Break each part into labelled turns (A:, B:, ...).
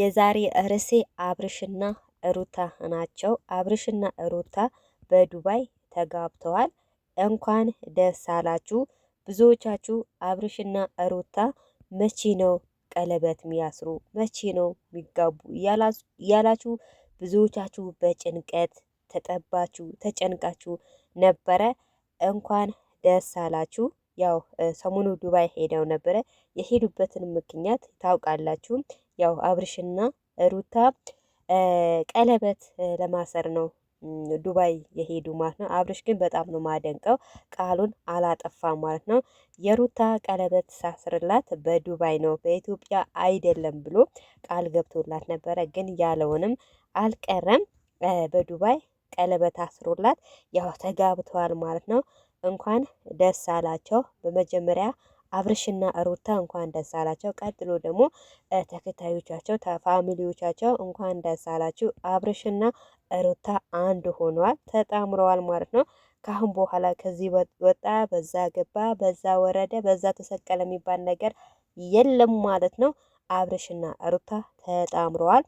A: የዛሬ ርዕሴ አብርሽና ሩታ ናቸው። አብርሽና ሩታ በዱባይ ተጋብተዋል። እንኳን ደስ አላችሁ። ብዙዎቻችሁ አብርሽና ሩታ መቼ ነው ቀለበት የሚያስሩ መቼ ነው የሚጋቡ እያላችሁ ብዙዎቻችሁ በጭንቀት ተጠባችሁ ተጨንቃችሁ ነበረ። እንኳን ደስ አላችሁ። ያው ሰሞኑ ዱባይ ሄደው ነበረ። የሄዱበትን ምክንያት ታውቃላችሁ። ያው አብርሽና ሩታ ቀለበት ለማሰር ነው ዱባይ የሄዱ ማለት ነው። አብርሽ ግን በጣም ነው ማደንቀው፣ ቃሉን አላጠፋም ማለት ነው። የሩታ ቀለበት ሳስርላት በዱባይ ነው በኢትዮጵያ አይደለም ብሎ ቃል ገብቶላት ነበረ። ግን ያለውንም አልቀረም በዱባይ ቀለበት አስሮላት ያው ተጋብተዋል ማለት ነው። እንኳን ደስ አላቸው። በመጀመሪያ አብርሽና ሩታ እንኳን ደስ አላቸው። ቀጥሎ ደግሞ ተከታዮቻቸው ፋሚሊዎቻቸው እንኳን ደስ አላችሁ። አብርሽና ሩታ አንድ ሆኗል፣ ተጣምረዋል ማለት ነው። ካሁን በኋላ ከዚህ ወጣ፣ በዛ ገባ፣ በዛ ወረደ፣ በዛ ተሰቀለ የሚባል ነገር የለም ማለት ነው። አብርሽና ሩታ ተጣምረዋል።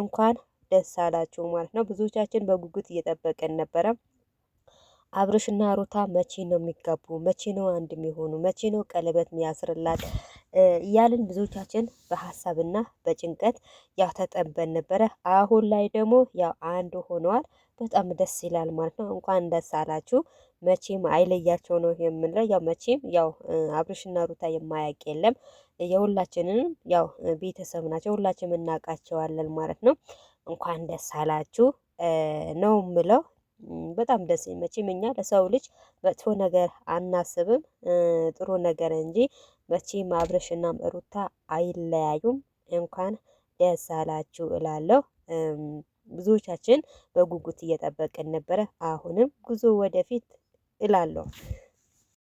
A: እንኳን ደስ አላችሁ ማለት ነው። ብዙዎቻችን በጉጉት እየጠበቀን ነበረ። አብርሽና ሩታ መቼ ነው የሚጋቡ? መቼ ነው አንድ የሚሆኑ? መቼ ነው ቀለበት የሚያስርላት? እያልን ብዙዎቻችን በሀሳብና በጭንቀት ያው ተጠበን ነበረ። አሁን ላይ ደግሞ ያው አንድ ሆነዋል። በጣም ደስ ይላል ማለት ነው። እንኳን ደስ አላችሁ። መቼም አይለያቸው ነው የምንለው። ያው መቼም ያው አብርሽና ሩታ የማያውቅ የለም። የሁላችንንም ያው ቤተሰብ ናቸው። ሁላችንም እናውቃቸዋለን ማለት ነው። እንኳን ደስ አላችሁ ነው ምለው። በጣም ደስ መቼም እኛ ለሰው ልጅ መጥፎ ነገር አናስብም፣ ጥሩ ነገር እንጂ መቼም አብርሽና ሩታ አይለያዩም። እንኳን ደስ አላችሁ እላለሁ። ብዙዎቻችን በጉጉት እየጠበቅን ነበረ። አሁንም ጉዞ ወደፊት እላለሁ።